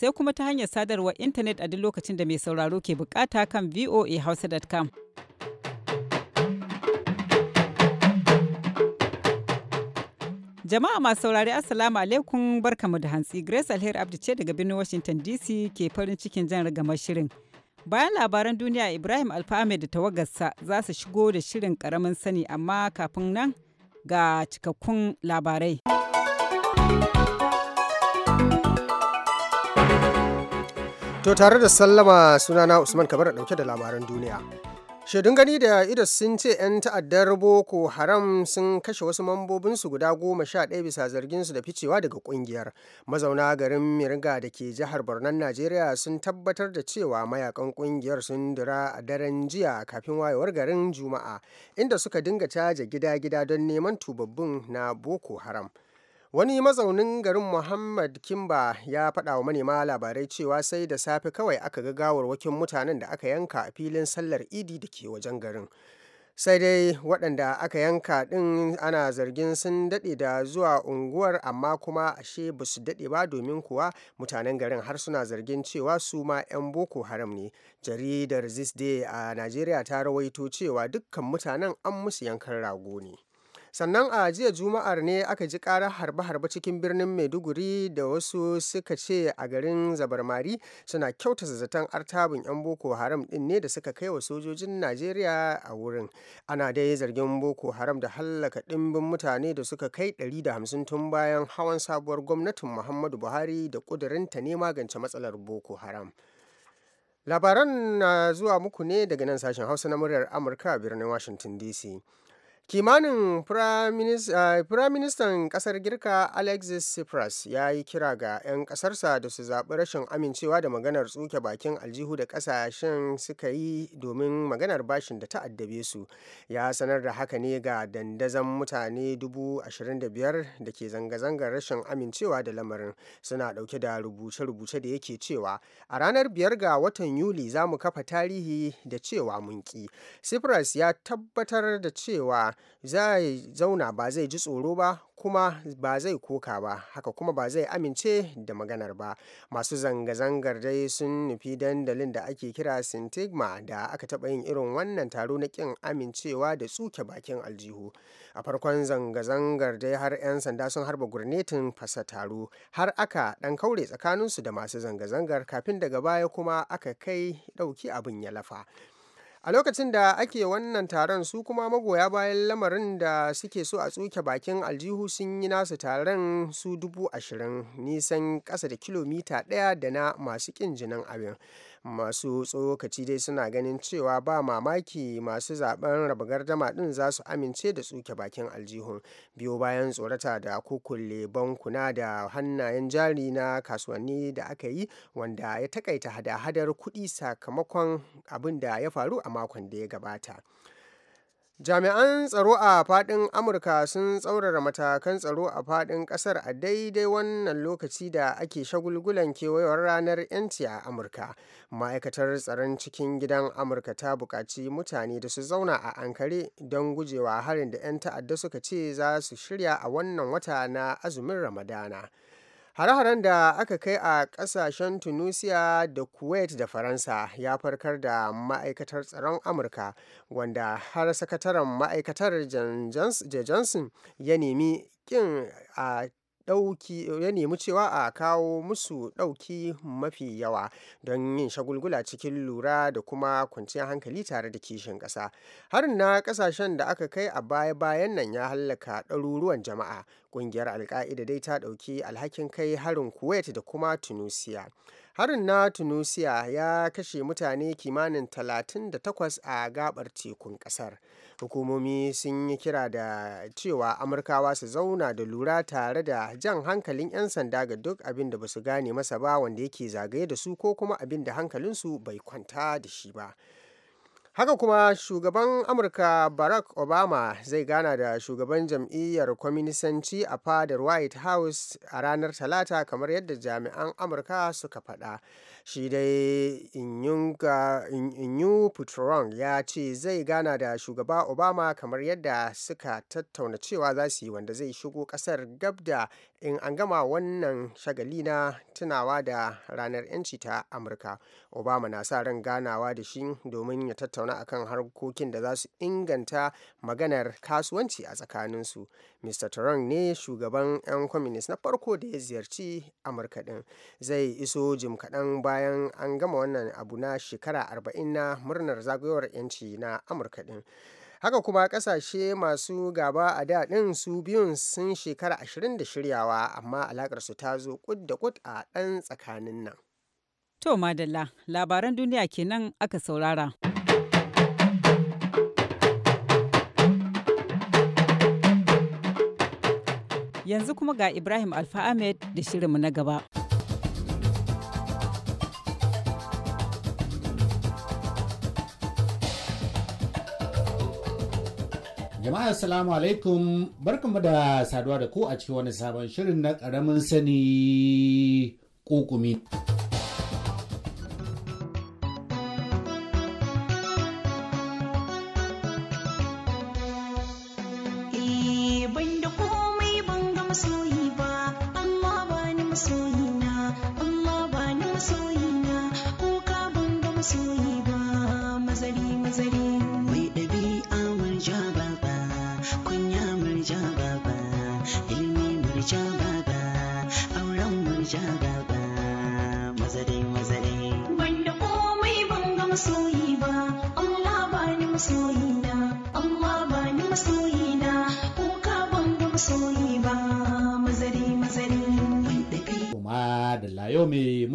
sai kuma ta hanyar sadarwar intanet a duk lokacin da mai sauraro ke bukata kan voahausa.com. Jama'a masu saurari Assalamu alaikum barkamu da hantsi Grace Alheri abdu ce daga birnin Washington DC ke farin cikin jan ragamar shirin. Bayan labaran duniya Ibrahim Alfahame da tawagarsa za su shigo da shirin karamin sani amma kafin nan ga cikakkun labarai. To tare da sallama sunana Usman Kabar dauke da labaran duniya. Shaidun gani da ido sun ce 'yan ta'addar Boko Haram sun kashe wasu mambobinsu guda goma sha ɗaya bisa zarginsu da ficewa daga ƙungiyar. Mazauna garin Mirga da ke jihar bornan Najeriya sun tabbatar da cewa mayakan ƙungiyar sun dira a daren jiya kafin wayewar garin Juma'a, inda suka dinga caja gida-gida don neman tubabbin na Boko Haram. Wani mazaunin garin Muhammad Kimba ya faɗa wa manema labarai cewa sai da safe kawai aka ga gawarwakin mutanen da aka yanka a filin sallar idi da ke wajen garin. Sai dai waɗanda aka yanka ɗin ana zargin sun daɗe da zuwa unguwar amma kuma ashe ba su daɗe ba domin kuwa mutanen garin har suna zargin cewa su ma 'yan Boko Haram ne. Jaridar zisde a Najeriya ta rawaito cewa dukkan mutanen an musu yankan rago ne. sannan a jiya juma'ar ne aka ji karar harbe-harbe cikin birnin maiduguri da wasu suka ce a garin zabarmari suna kyauta zazzatan artabin 'yan boko haram din ne da suka kai wa sojojin najeriya a wurin ana dai zargin boko haram da hallaka ɗimbin mutane da suka kai 150 tun bayan hawan sabuwar gwamnatin muhammadu buhari da ƙudurinta ne magance matsalar boko haram labaran na zuwa muku ne daga nan sashen hausa na muryar amurka a birnin washington dc Kimanin Firaministan eh, kasar Girka Alexis Tsipras ya yi kira ga 'yan kasarsa da su zaɓi rashin amincewa da maganar tsuke bakin aljihu da ƙasashen suka yi domin maganar bashin da ta addabe su. Ya sanar da haka ne ga dandazon mutane 25,000 da ke zanga-zangar rashin amincewa da lamarin suna ɗauke da rubuce-rubuce da yake cewa a ranar biyar ga watan Yuli za mu kafa tarihi da cewa mun ya tabbatar da cewa zai zauna ba zai ji tsoro ba kuma ba zai koka ba haka kuma ba zai amince da maganar ba masu zanga-zangar dai sun nufi dandalin da ake kira sintigma da aka taɓa yin irin wannan taro na ƙin amincewa da tsuke bakin aljihu a farkon zanga-zangar dai har 'yan sanda sun harba gurnetin fasa taro har aka ɗan kaure tsakaninsu da masu zanga-zangar kafin daga baya kuma aka kai ɗauki abin ya lafa a lokacin da ake wannan taron su kuma magoya bayan lamarin da suke so a tsuke bakin aljihu sun yi nasu taron su dubu ashirin nisan kasa da kilomita ɗaya da na masu ƙin jinin abin masu tsokaci dai suna ganin cewa ba mamaki masu zaben raba gardama din za su amince da tsuke bakin aljihun biyo bayan tsorata da kukulle bankuna da hannayen jari na kasuwanni da aka yi wanda ya takaita hada-hadar kuɗi sakamakon abin da ya faru a makon da ya gabata. Jami'an tsaro a faɗin Amurka sun tsaurara matakan tsaro a faɗin ƙasar a daidai wannan lokaci da ake shagulgulan kewayewar ranar 'yanci a Amurka. Ma'aikatar tsaron cikin gidan Amurka ta buƙaci mutane da su zauna a Ankare don gujewa harin da 'yan ta'adda suka ce za su shirya a wannan wata na azumin Ramadana. Hare-haren da aka kai a ƙasashen Tunisia da Kuwait da Faransa ya farkar da ma'aikatar tsaron Amurka wanda har sakataren ma'aikatar Jen Johnson ya nemi kin a ɗauki ya nemi cewa a kawo musu ɗauki mafi yawa don yin shagulgula cikin lura da kuma kwanciyar hankali tare da kishin ƙasa harin na ƙasashen da aka kai a baya-bayan nan ya hallaka ɗaruruwan jama'a ƙungiyar alka'ida dai ta ɗauki alhakin kai harin kuwait da kuma tunisia harin na tunisia ya kashe mutane kimanin 38 a gabar tekun ƙasar hukumomi sun yi kira da cewa amurkawa su zauna da lura tare da jan hankalin 'yan sanda ga duk abin da ba su gane masa ba wanda yake zagaye da su ko kuma abin da hankalinsu bai kwanta da shi ba haka kuma shugaban amurka barack obama zai gana da shugaban jam'iyyar kwaminisanci a fadar white house a ranar talata kamar yadda jami'an amurka suka faɗa shi dai inyu putrong ya ce zai gana da shugaba obama kamar yadda suka tattauna cewa za su yi wanda zai shigo kasar gab da in an gama wannan shagali na tunawa da ranar 'yanci ta amurka obama na sa ran ganawa da shi domin ya tattauna akan harkokin da za su inganta maganar kasuwanci a tsakaninsu mr trump ne shugaban 'yan communist na farko da ya ziyarci amurka din zai iso jim kaɗan bayan an gama wannan abu na shekara 40 na murnar zagayowar 'yanci na amurka din haka kuma kasashe masu gaba a da ɗin su biyun sun shekara 20 da shiryawa amma alakar su ta zo kud da kud a ɗan tsakanin nan to madalla labaran duniya kenan aka saurara. Yanzu kuma ga Ibrahim Alfa Ahmed da shirinmu na gaba. Jama'a salamu alaikum barkanmu da saduwa da ku a cikin wani sabon shirin na ƙaramin sani kokumi.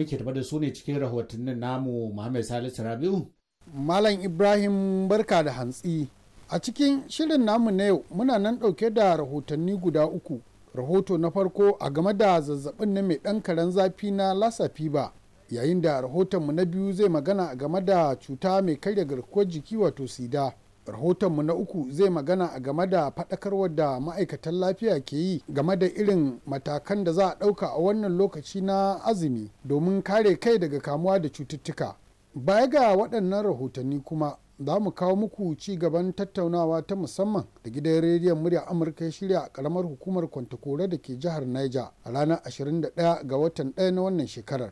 muke tafa da su ne cikin rahotannin namu Muhammad Salisu Rabiu. Malam Ibrahim barka da hantsi. A cikin shirin namu na yau muna nan ɗauke da rahotanni guda uku. Rahoto na farko a game da zazzaɓin na mai ɗan karen zafi na lasa fiba. Yayin da rahotonmu na biyu zai magana a game da cuta mai karya garkuwar jiki wato sida. rahotonmu na uku zai magana a game da faɗakarwar da ma'aikatan lafiya ke yi game da irin matakan da za a ɗauka a wannan lokaci na azumi domin kare kai daga kamuwa da cututtuka baya ga waɗannan rahotanni kuma za mu kawo muku ci gaban tattaunawa ta musamman da gidan rediyon murya amurka ya shirya a karamar hukumar kwantakore da ke jihar niger a ranar 21 ga watan 1 na wannan shekarar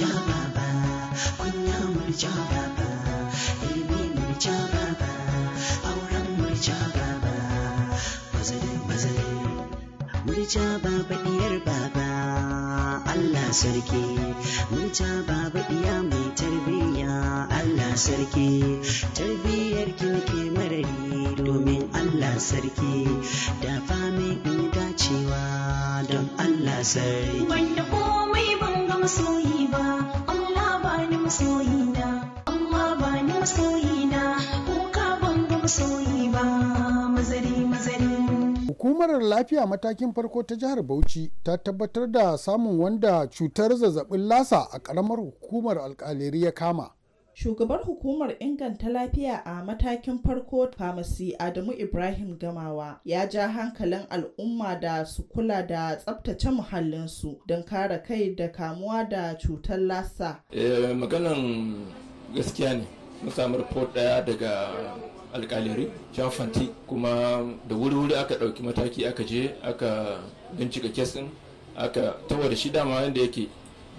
Baba, Baba, Baba, Baba, Baba, Baba, Baba, Baba, Baba, Murja baba diyar baba Allah sarki Murja baba diya mai tarbiyya Allah sarki tarbiyyar ki nake marari domin Allah sarki da fa mai in dacewa don Allah sarki wanda komai ban ga masoyi ba Allah ba ni masoyi na Allah ba ni masoyi na ko ka ban ga masoyi ba hukumar lafiya matakin farko ta jihar bauchi ta tabbatar da samun wanda cutar zazzabin lasa a karamar hukumar alkaleri ya kama shugabar hukumar inganta lafiya a matakin farko pharmacy adamu ibrahim gamawa ya ja hankalin al'umma da su kula da tsabtace muhallinsu don kare kai da kamuwa da cutar lasa. Eh, maganan gaskiya ne mun samu daya daga alkalari shafanti kuma da wuri-wuri aka dauki mataki aka je aka bincika kes ɗin aka da shi dama wanda yake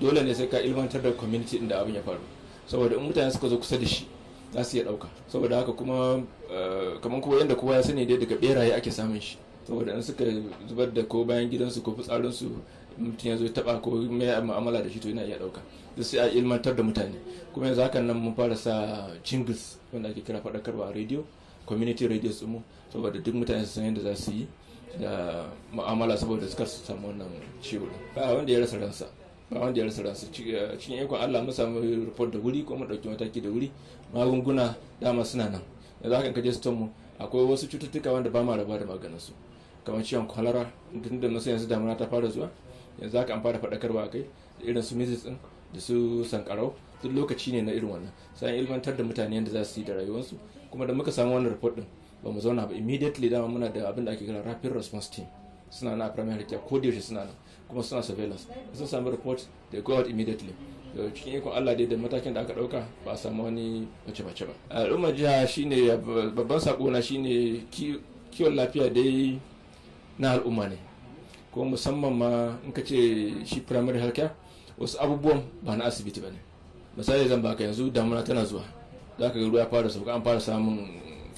dole ne sai ka ilmantar da community inda abin ya faru saboda in mutane suka zo kusa da shi za su iya ɗauka saboda haka kuma eh, kamar kowa yadda kowa ya sani dai daga beraye ake samun shi saboda in suka zubar da ko bayan gidansu ko fitsarinsu mutum ya zo taba ko mai ma'amala da shi to ina iya ɗauka da sai a ilmantar da mutane kuma yanzu hakan nan mun fara sa jingles wanda ake kira faɗakarwa a radio community radio su mu saboda duk mutane su san yadda za su yi da mu'amala saboda suka su samu wannan ciwo ba wanda ya rasa ransa ba wanda ya rasa ransa eh, cikin ikon Allah mun samu report da wuri ko mun dauki mataki da wuri magunguna dama suna nan yanzu hakan kaje su mu akwai wasu cututtuka wanda ba ma raba da maganin su kamar ciwon kwalara tun da masu yanzu damuna ta fara zuwa yanzu aka amfana faɗakarwa a kai irin su mizis din da su sankarau duk lokaci ne na irin wannan sai ilmantar da mutane yadda za su yi da rayuwarsu kuma da muka samu wannan report din ba mu zauna ba immediately dama muna da abin da ake kira rapid response team suna na primary care ko da suna nan kuma suna surveillance sun samu report da go out immediately cikin ikon Allah dai da matakin da aka dauka ba a samu wani bace bace ba al'ummar jiha shine babban sako na shine kiwon lafiya dai na al'umma ne ko musamman ma in ka ce shi primary harka wasu abubuwan ba na asibiti ba ne misali zan baka yanzu damuna tana zuwa za ka ga ruwa ya fara sauka an fara samun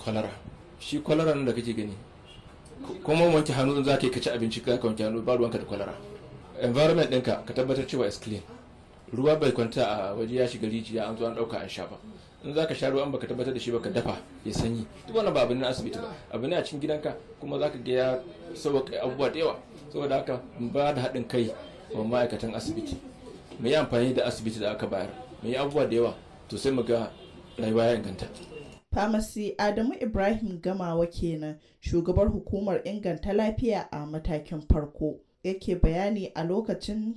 kwalara shi kwalara nan da kake gani kuma wanke hannu za ka yi ka ci abinci ka wanke hannu ba ruwanka da kwalara environment ɗinka ka tabbatar cewa is clean ruwa bai kwanta a waje ya shiga rijiya an zo an ɗauka an sha ba in za ka sha ruwan baka tabbatar da shi baka dafa ya sanyi duk wannan ba abin na asibiti ba abin a cikin gidanka kuma za ka ga ya sauƙa abubuwa da yawa saboda haka ba da haɗin kai wa ma'aikatan asibiti mu yi amfani da asibiti da aka bayar mu yi abubuwa da yawa to sai mu ga rayuwa ya inganta Famasi Adamu Ibrahim Gamawa kenan shugabar hukumar inganta lafiya a matakin farko yake bayani a lokacin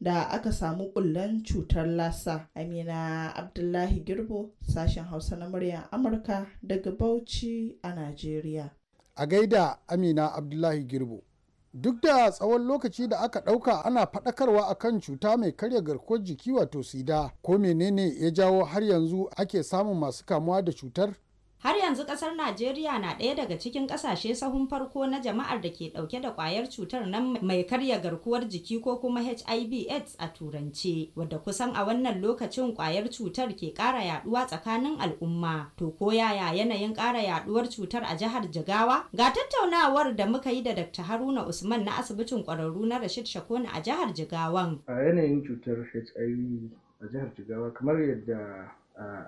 da aka samu bullan cutar lasa amina abdullahi girbo sashen hausa na muryar amurka daga bauchi a najeriya a gaida amina abdullahi girbo duk da tsawon lokaci da aka ɗauka ana faɗakarwa akan cuta mai karya garkuwar jiki wato sida ko menene ya jawo har yanzu ake samun masu kamuwa da cutar Har yanzu kasar Najeriya na ɗaya daga cikin ƙasashe sahun farko na jama'ar da ke ɗauke da ƙwayar cutar nan mai karya garkuwar jiki ko kuma HIV AIDS a turance, wadda kusan a wannan lokacin ƙwayar cutar ke ƙara yaɗuwa tsakanin al'umma. To ko yaya yanayin ƙara yaɗuwar cutar a jihar Jigawa? Ga tattaunawar da muka yi da Dr. Haruna Usman na asibitin ƙwararru na Rashid Shakona a jihar Jigawan. A yanayin cutar HIV a jihar Jigawa kamar yadda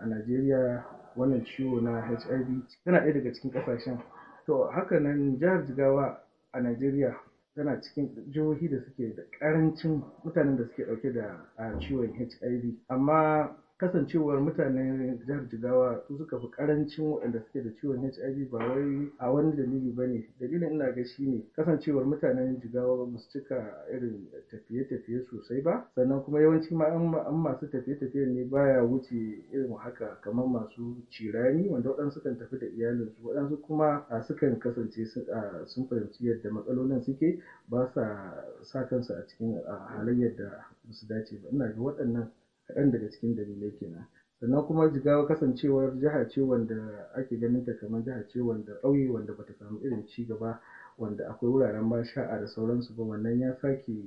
a Najeriya wannan ciwo na HIV tana ɗaya daga cikin ƙasashen. To haka nan jihar Jigawa a Najeriya tana cikin jihohi da suke da ƙarancin mutanen da suke ɗauke da ciwon HIV amma kasancewar mutanen jihar jigawa su suka fi karancin waɗanda suke da ciwon hiv ba wai a wani dalili ba ne dalilin ina ga shi ne kasancewar mutanen jigawa ba su cika irin tafiye-tafiye sosai ba sannan kuma yawanci ma an masu tafiye-tafiye ne baya wuce irin haka kamar masu cirani wanda waɗansu kan tafi da iyalinsu waɗansu kuma a sukan kasance sun fahimci yadda matsalolin suke ba sa sa kansu a cikin halayyar da ba su dace ba ina ga waɗannan kaɗan daga cikin dalilai kenan sannan kuma jigawa kasancewar jiha ce wanda ake ganin ta kamar jiha ce wanda ƙauye wanda bata samu irin ci gaba wanda akwai wuraren ma sha'a da sauransu ba wannan ya sake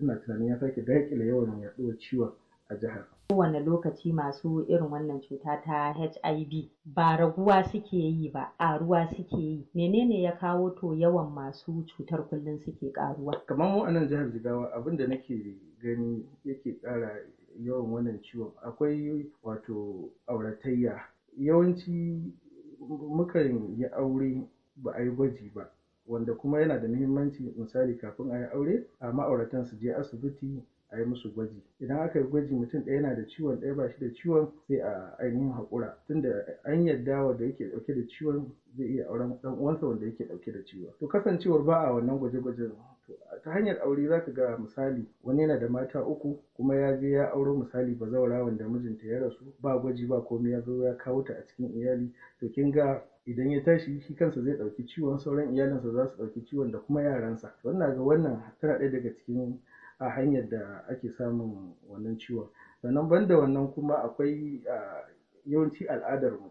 ina tunanin ya sake daƙile yawan yaɗuwar ciwon a jihar. Kowane lokaci masu irin wannan cuta ta HIV ba raguwa suke yi ba, ƙaruwa suke yi. Menene ya kawo to yawan masu cutar kullum suke ƙaruwa? Kamar mu a nan jihar Jigawa abin da nake gani yake ƙara yawan wannan ciwon akwai wato auratayya yawanci mukan yi aure ba a yi gwaji ba wanda kuma yana da muhimmanci misali kafin a yi aure a ma'auratan su je asibiti a yi musu gwaji idan aka yi gwaji mutum ɗaya yana da ciwon ɗaya ba shi da ciwon sai a ainihin haƙura tunda an yarda wanda yake ɗauke da ciwon zai iya auren ɗan uwansa wanda yake ɗauke da ciwon to kasancewar ba a wannan gwaje-gwajen ta hanyar aure za ka ga misali wani yana da mata uku kuma ya je ya auro misali bazawara wanda mijinta ya rasu ba gwaji ba komai ya zo ya kawo ta a cikin iyali to kin ga idan ya tashi shi kansa zai ɗauki ciwon sauran iyalinsa za su ɗauki ciwon da kuma yaransa to ga wannan tana ɗaya daga cikin a hanyar da ake samun wannan ciwon sannan banda wannan kuma akwai yawanci al'adarmu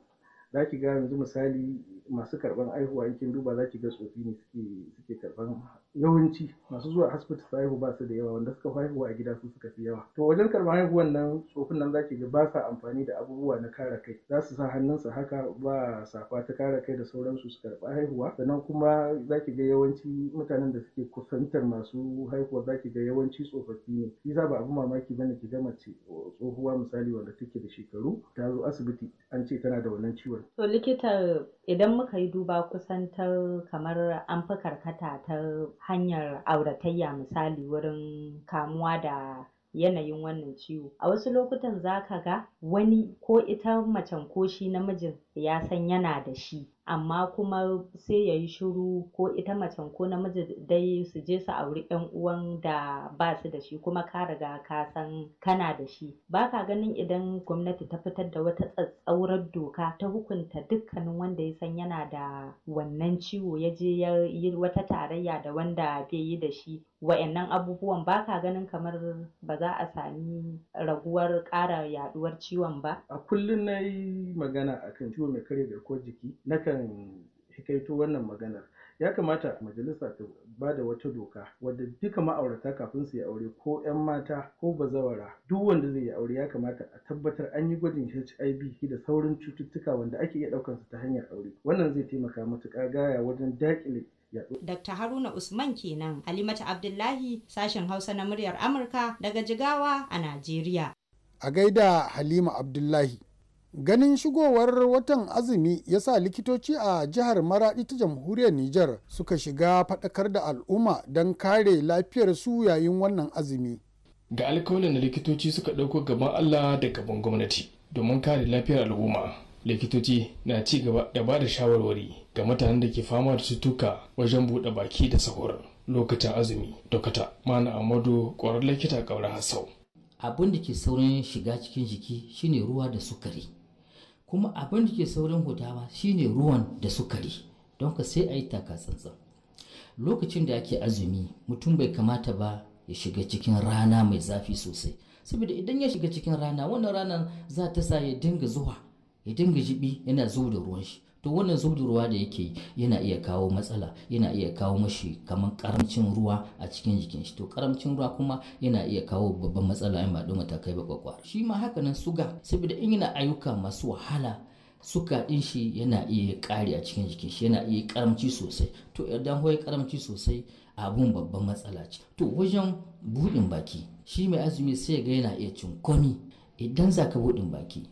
za ki ga yanzu misali masu karɓan haihuwa in kin duba za ki ga tsofi ne suke suke karɓan yawanci masu zuwa asibiti su haihu ba su da yawa wanda suka haihuwa a gida su suka fi yawa to wajen karɓar haihuwan nan tsofin nan zaki ga ba sa amfani da abubuwa na kare kai za su sa hannunsu haka ba safa ta kare kai da sauransu su karɓa haihuwa sannan kuma zaki ga yawanci mutanen da suke kusantar masu haihuwa zaki ga yawanci tsofaffi ne shi ba abu mamaki bane ki ga mace tsohuwa misali wanda take da shekaru ta zo asibiti an ce tana da wannan ciwon to likita idan muka yi duba kusantar kamar an fi karkata ta hanyar auratayya misali wurin kamuwa da yanayin wannan ciwo a wasu lokutan zaka ga wani ko ita macen ko shi namijin ya san yana da shi amma kuma sai yayi shiru ko ita macen ko namiji dai su je su auri ƴan uwan da ba su da shi kuma ka riga ka san kana da shi ba ganin idan gwamnati ta fitar da wata tsatstsaurar doka ta hukunta dukkanin wanda ya san yana da wannan ciwo ya je ya yi wata tarayya da wanda bai yi da shi wa'innan abubuwan baka ganin kamar ba za a sami raguwar ƙara yaɗuwar ciwon ba? a kullum na yi magana akan ciwo mai karya garkuwar jiki nakan hikaito wannan maganar ya kamata majalisa ta ba da wata doka wadda duka ma'aurata kafin su yi aure ko 'yan mata ko bazawara duk wanda zai yi aure ya kamata a tabbatar an yi gwajin HIV da saurin cututtuka wanda ake iya ɗaukar su ta hanyar aure wannan zai taimaka matuƙa gaya wajen daƙile Dr. Haruna Usman kenan Halimatu Abdullahi sashen Hausa na muryar Amurka daga Jigawa a Najeriya. A gaida Halima Abdullahi. ganin shigowar watan azumi ya sa likitoci a jihar maradi ta jamhuriyar nijar suka shiga faɗakar da al'umma don kare lafiyar su yayin wannan azumi ga alkawalin da likitoci suka ɗauko gaban allah da gaban gwamnati domin kare lafiyar al'umma likitoci na ci gaba da ba da shawarwari ga mutanen da ke fama da cutuka wajen buɗe baki da sahur lokacin azumi dokata mana amadu ƙwarar likita ƙaurar hassau abin da ke saurin shiga cikin jiki shine ruwa da sukari kuma abin da ke saurin gudawa shine ruwan da sukari don ka sai a yi taka tsantsan lokacin da ake azumi mutum bai kamata ba ya shiga cikin rana mai zafi sosai saboda idan ya shiga cikin rana wannan ranar za ta sa ya dinga zuwa ya dinga jibi yana zuwa da ruwan shi to wannan zubin ruwa da yake yana iya kawo matsala yana iya kawo mashi kamar karamcin ruwa a cikin jikin shi to karamcin ruwa kuma yana iya kawo babban matsala in ba don matakai ba kwakwa shi ma haka nan suga saboda in yana ayyuka masu wahala suka din shi yana iya kare a cikin jikin shi yana iya karamci sosai to idan hoye karamci sosai abun babban matsala ce to wajen buɗin baki shi mai azumi sai ga yana iya cin komi idan za ka buɗin baki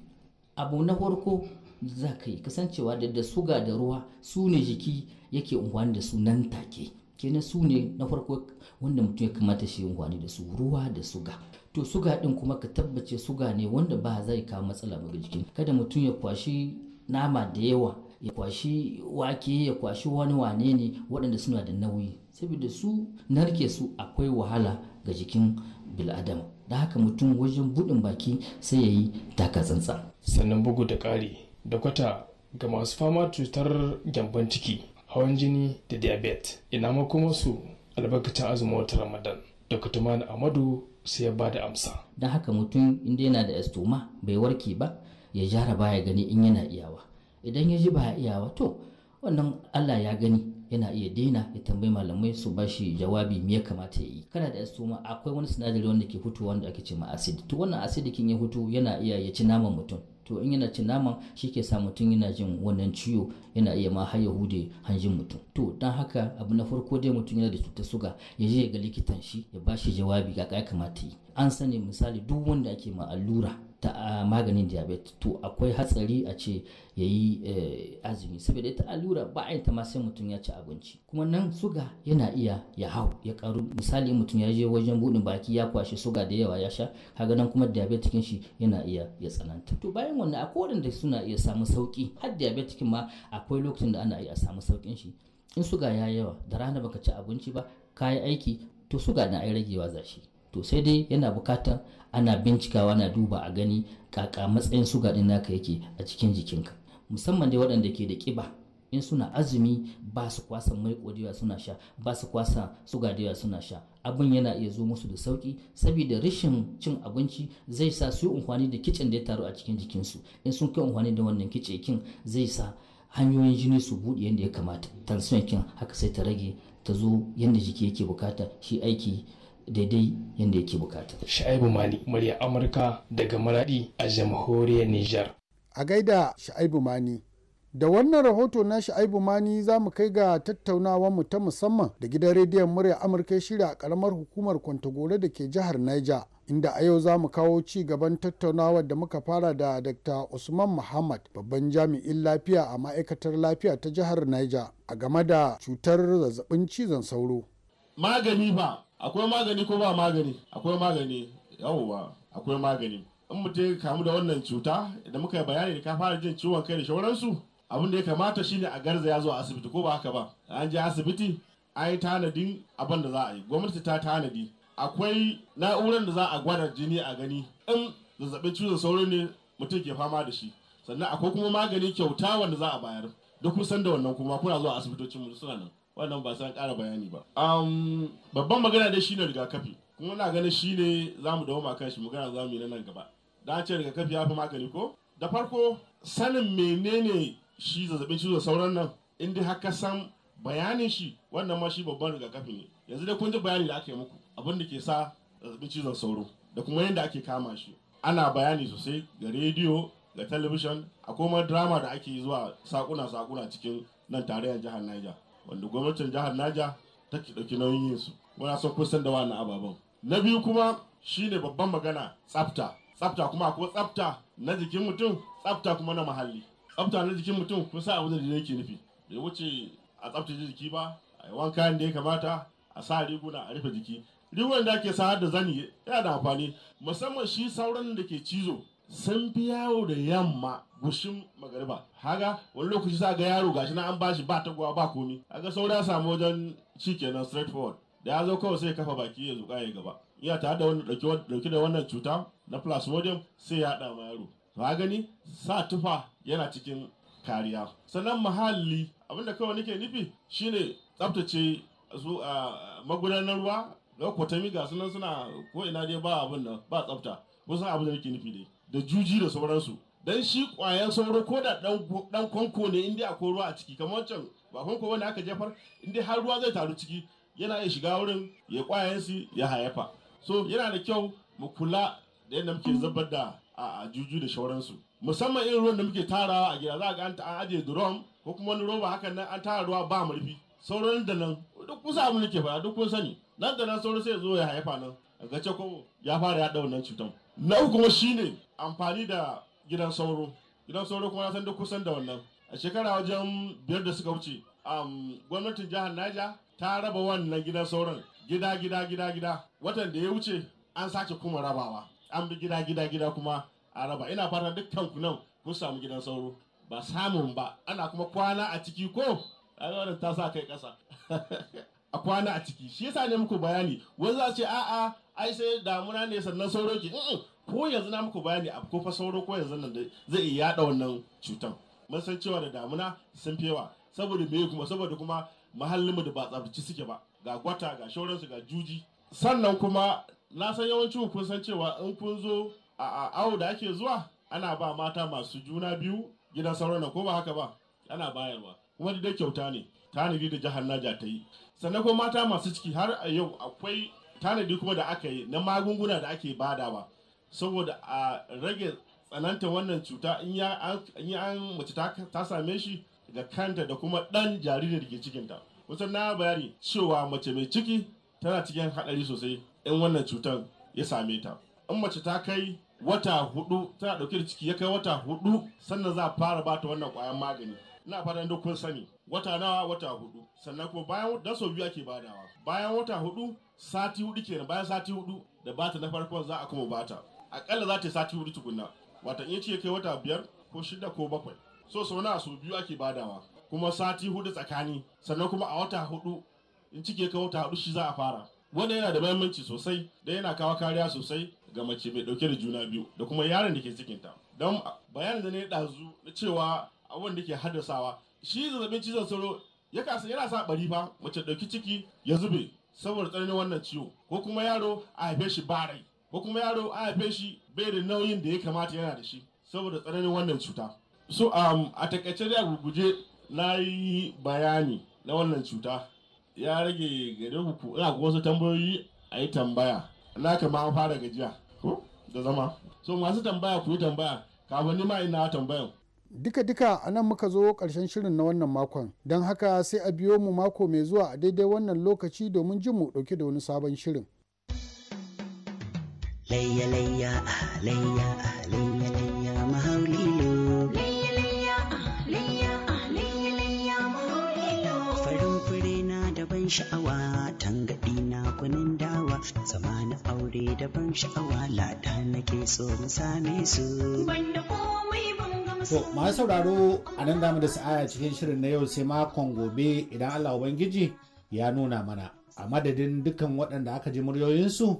abu na farko za ka yi kasancewa da da suga da ruwa su ne jiki yake unguwani da su nan take kenan su ne na farko wanda mutum ya kamata shi unguwani da su ruwa da suga to suga din kuma ka tabbace suga ne wanda ba zai kawo matsala ga jikin kada mutum ya kwashi nama da yawa ya kwashi wake ya kwashi wani wane ne waɗanda suna da nauyi saboda su narke su akwai wahala ga jikin bil'adama da haka mutum wajen buɗin baki sai ya yi takatsantsa sannan bugu da ƙari da kwata ga masu fama cutar gyambon ciki hawan jini da diabetes ina ma kuma su albarkacin azumin wata ramadan dr tumani amadu sai ya bada amsa don haka mutum inda yana da estoma bai warke ba ya jara baya gani in yana iyawa idan ya ji baya iyawa to wannan allah ya gani yana iya daina ya tambayi malamai su bashi jawabi me ya kamata ya yi kana da estoma akwai wani sinadari wanda ke fitowa wanda ake ce ma acid to wannan acid ya hutu, yana iya ya ci naman mutum to in yana cin naman shi ke sa mutum yana jin wannan ciwo yana iya ma har ya hude hanjin mutum to don haka abu na farko dai mutum yana da cutar suga ya je ga likitan shi ya ba shi jawabi ga ya kamata yi an sani misali duk wanda ake ma allura ta maganin diabetes to akwai hatsari a ce ya yi eh, azumi saboda ita allura ba a ta ma sai mutum ya ci abinci kuma nan suga yana iya ya hau ya karu misali mutum ya je wajen buɗin baki ya kwashe suga da yawa ya sha kaga nan kuma diabetes shi yana iya ya tsananta to bayan wannan akwai wadanda suna iya samu sauki har diabetes ma akwai lokacin da ana iya samu saukin shi in suga ya yawa da rana baka ci abinci ba kayi aiki to suga na ai ragewa zashi to sai dai yana bukatar ana bincikawa na duba a gani kaka matsayin suga din naka yake a cikin jikinka musamman dai waɗanda ke da kiba in suna azumi ba su kwasa mai kodewa suna sha ba su kwasa suga da suna sha abin yana iya zo musu da sauki saboda rashin cin abinci zai sa su yi da kicin da ya taru a cikin jikinsu in sun kai amfani da wannan kicin zai sa hanyoyin jini su buɗe yadda ya kamata tansiyon kin haka sai ta rage ta zo yadda jiki yake bukata shi aiki daidai yadda yake bukata. Sha'ibu Mani, murya Amurka daga Maradi a jamhuriyar Nijar. A gaida Sha'ibu Mani. Da wannan rahoto na Sha'ibu Mani za mu kai ga tattaunawar mu ta musamman da gidan rediyon murya Amurka ya shirya a karamar hukumar Kwantagore da ke jihar Niger. inda a yau za mu kawo ci gaban tattaunawar da muka fara da dr usman muhammad babban jami'in lafiya a ma'aikatar lafiya ta jihar niger a game da cutar zazzabin cizon sauro magani ba akwai magani ko ba magani akwai magani yawwa akwai magani in mutum ya kamu da wannan cuta da muka yi bayani da ka fara jin ciwon kai da shauransu abin da ya kamata shine a garza ya zo asibiti ko ba haka ba an je asibiti an yi tanadin abin da za a yi gwamnati ta tanadi akwai na'urar da za a gwada jini a gani in zazzabin cizon sauro ne mutum ke fama da shi sannan akwai kuma magani kyauta wanda za a bayar duk kusan da wannan kuma kuna zuwa asibitocin mu suna nan wannan ba san ƙara bayani ba babban magana dai shine rigakafi kuma na ganin shine za mu dawo kan shi magana za mu yi nan gaba da ce rigakafi ya fi magani ko da farko sanin menene shi zazzabin cizon sauran nan in dai haka san bayanin shi wannan ma shi babban rigakafi ne yanzu dai kun ji bayani da aka yi muku abin da ke sa zazzabin cizon sauro da kuma yadda ake kama shi ana bayani sosai ga rediyo ga talabijin, a kuma drama da ake zuwa sakuna sakuna cikin nan tarayyar jihar Niger wanda gwamnatin jihar Naja ta ki ɗauki nauyin yin su muna son kun san da wannan ababen na biyu kuma shine babban magana tsafta tsafta kuma akwai tsafta na jikin mutum tsafta kuma na muhalli tsafta na jikin mutum kun sa abin da yake nufi bai wuce a tsaftace jiki ba a yi wanka da ya kamata a sa riguna a rufe jiki riguna da ake sa da zani yana da amfani musamman shi sauran da ke cizo sun fi yawo da yamma gushin magariba haga wani lokaci za ga yaro gashi na an bashi ba taguwa ba komi a ga saura ya samu wajen shi kenan forward da ya zo kawai sai kafa baki ya zuƙa ya gaba iya tare da wani ɗauki da wannan cuta na plasmodium sai ya haɗa ma yaro to gani sa tufa yana cikin kariya sannan muhalli abinda kawai nake nufi shine tsaftace su a magudanar ruwa da kwatami ga sunan suna ko ina dai ba abin nan ba tsafta kusan abin da nake nufi dai da juji da sauransu dan shi kwayan sauro ko da dan kwanko ne inda akwai ruwa a ciki kamar wancan ba kwanko wani aka jefar inda har ruwa zai taru ciki yana iya shiga wurin ya su ya hayafa so yana da kyau mu kula da yadda muke zabar da a juju da shauransu musamman irin ruwan da muke tarawa a gida za a ga an ajiye drum ko kuma wani roba hakan nan an tara ruwa ba murfi sauran da nan duk kusa abin da ke faɗa duk kun sani nan da nan sauran sai ya zo ya haifa nan a gace ko ya fara yaɗa wannan cutan na uku kuma shine amfani da gidan sauro gidan sauro kuma na san duk kusan da wannan a shekara wajen biyar da suka wuce um, gwamnatin jihar Naja ta raba wannan gidan sauron gida gida gida gida watan da ya wuce an sake kuma rabawa an bi gida gida gida kuma a raba ina fata dukkan ku nan kun samu gidan sauro ba samun ba ana kuma kwana a ciki ko wannan ta sa kai kasa a kwana a ciki shi yasa ne muku bayani wani za ce a'a ai sai damuna ne sannan sauro ki ko yanzu na muku bayani a ko sauro ko yanzu nan da zai iya yada wannan cutan mun san cewa da damuna sun fi yawa saboda me kuma saboda kuma mu da ba tsaftace suke ba ga gwata ga shauransu ga juji sannan kuma na san yawancin kun san cewa in kun zo a awo da ake zuwa ana ba mata masu juna biyu gidan sauran ko ba haka ba ana bayarwa kuma da kyauta ne tanadi da jihar Naja ta yi sannan kuma mata masu ciki har a yau akwai tanadi kuma da aka yi na magunguna da ake badawa saboda a rage tsananta wannan cuta in ya an mace ta same shi ga kanta da kuma dan jaririn da ke cikinta kusan na bayani cewa mace mai ciki tana cikin haɗari sosai in wannan cutar ya same ta in mace ta kai wata hudu tana ɗauke da ciki ya kai wata hudu sannan za a fara bata wannan kwayan magani ina fatan duk kun sani wata nawa wata hudu sannan kuma bayan dan sau biyu ake badawa bayan wata hudu sati hudu kenan bayan sati hudu da bata na farkon za a kuma bata akalla za ta yi sati hudu tukuna, wata in ce kai wata biyar ko shida ko bakwai so sau na su biyu ake badawa kuma sati hudu tsakani sannan kuma a wata hudu in cike ka wata hudu shi za a fara wanda yana da mahimmanci sosai da yana kawo kariya sosai ga mace mai dauke da juna biyu da kuma yaron da ke cikinta don bayanin da ne dazu na cewa abin da ke haddasawa shi zazzabin cizon sauro yana sa bari fa mace dauki ciki ya zube saboda tsananin wannan ciwo ko kuma yaro a haife shi barai ko kuma yaro a haife shi bai da nauyin da ya kamata yana da shi saboda tsananin wannan cuta so um, a takaice da guguje na yi bayani na wannan cuta ya rage gare ku ina ku wasu tambayoyi a yi tambaya na kama an fara gajiya ko da zama so masu tambaya ku yi tambaya kafin ni ma ina tambayan Duka-duka a nan muka zo ƙarshen shirin na wannan makon, don haka sai a biyo mu mako mai zuwa a daidai wannan lokaci domin jin mu ɗauke da wani sabon shirin. layya layya ah, ah, layya layya layya mahaulilo layya layya ah, layya layya layya mahaulilo farin fure na daban sha'awa tangaɗi na kunin dawa sama na aure daban sha'awa lada nake so mu same su banda komai ban To masu sauraro a nan damu da sa'aya cikin shirin na yau sai makon gobe idan Allah Ubangiji ya nuna mana a madadin dukkan waɗanda aka ji muryoyinsu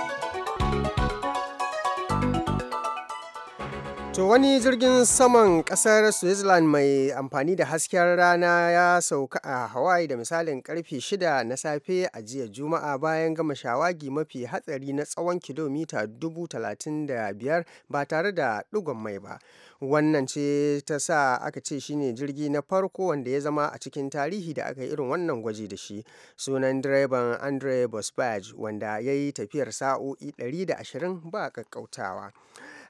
To wani jirgin saman kasar Switzerland mai amfani da hasken rana ya sauka a Hawaii da misalin karfe 6 na safe a jiya Juma'a bayan gama shawagi mafi hatsari na tsawon kilomita 35,000 ba tare da dugon mai ba. Wannan ce ta sa aka ce shine jirgi na farko wanda ya zama a cikin tarihi da aka yi irin wannan gwaji da shi. Sunan direban Andre Bosbage wanda ya yi tafiyar sa'o'i 120 ba kakkautawa.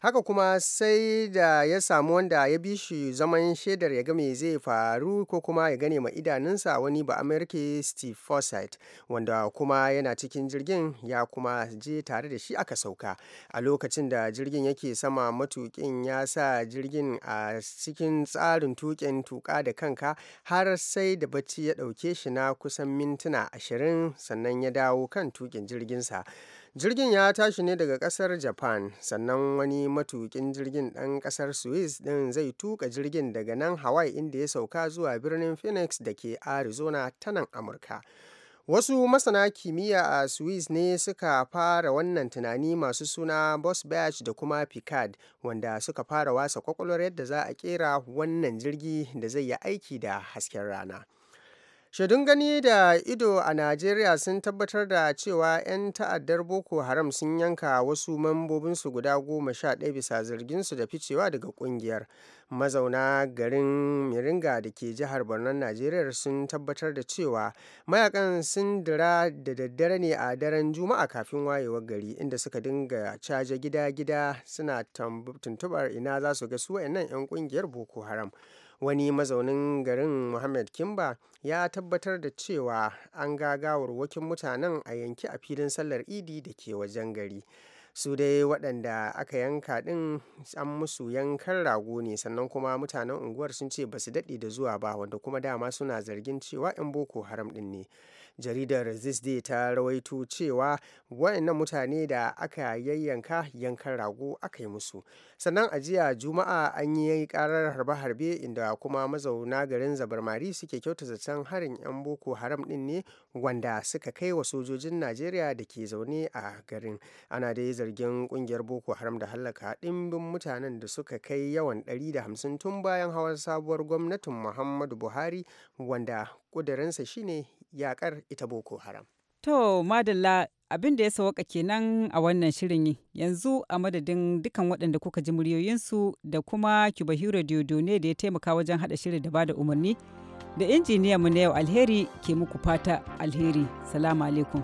haka kuma sai da ya samu wanda ya bi shi zaman shaidar ya ga zai faru ko kuma ya gane ma idanunsa wani ba amurke steve forsyth wanda kuma yana cikin jirgin ya kuma je tare da shi aka sauka a lokacin da jirgin yake sama matuƙin ya sa jirgin a cikin tsarin tuƙin tuƙa da kanka har sai da bacci ya ɗauke shi na kusan mintuna ashirin sannan ya dawo kan tukin jirginsa jirgin ya tashi ne daga kasar japan sannan wani matukin jirgin ɗan ƙasar swiss ɗin zai tuka jirgin daga nan hawaii inda ya sauka zuwa birnin phoenix da ke arizona ta nan amurka wasu masana kimiyya a swiss ne suka fara wannan tunani masu suna bach da kuma picard wanda suka fara wasa kwakwalwar yadda za a kera wannan jirgi da zai yi aiki da hasken rana Shaidun gani da ido a Najeriya sun tabbatar da cewa 'yan ta'addar Boko Haram sun yanka wasu mambobinsu guda goma sha ɗaya bisa zarginsu da ficewa daga ƙungiyar. Mazauna garin Miringa da ke jihar borno Najeriya sun tabbatar da cewa mayakan sun dira da daddare ne a daren Juma'a kafin wayewar gari inda suka dinga caja gida-gida suna tuntuɓar ina za su ga su 'yan ƙungiyar Boko Haram. wani mazaunin garin muhammad kimba ya tabbatar da cewa an ga gawarwakin mutanen a yanki a filin sallar idi da ke wajen gari su dai waɗanda aka yanka ɗin an musu yankan rago ne sannan kuma mutanen unguwar sun ce ba su daɗe da zuwa ba wanda kuma dama suna zargin cewa 'yan boko haram ɗin ne jaridar resist ta rawaito cewa waɗannan mutane da aka yayyanka yankan rago aka yi musu sannan a jiya juma'a an yi karar harbe-harbe inda kuma mazauna garin zabarmari suke kyauta zaton harin 'yan boko haram din ne wanda suka kai wa sojojin najeriya da ke zaune a garin ana dai zargin kungiyar boko haram da hallaka ɗimbin mutanen da suka kai yawan da hamsin tun bayan hawan sabuwar gwamnatin muhammadu buhari wanda kudurinsa shine yakar ita boko haram to madalla abin da ya sawaka kenan a wannan shirin yanzu a madadin dukan waɗanda kuka ji muryoyinsu da kuma kibahiro ne da ya taimaka wajen haɗa shiri da bada umarni da mu na yau alheri ke muku fata alheri salamu alaikum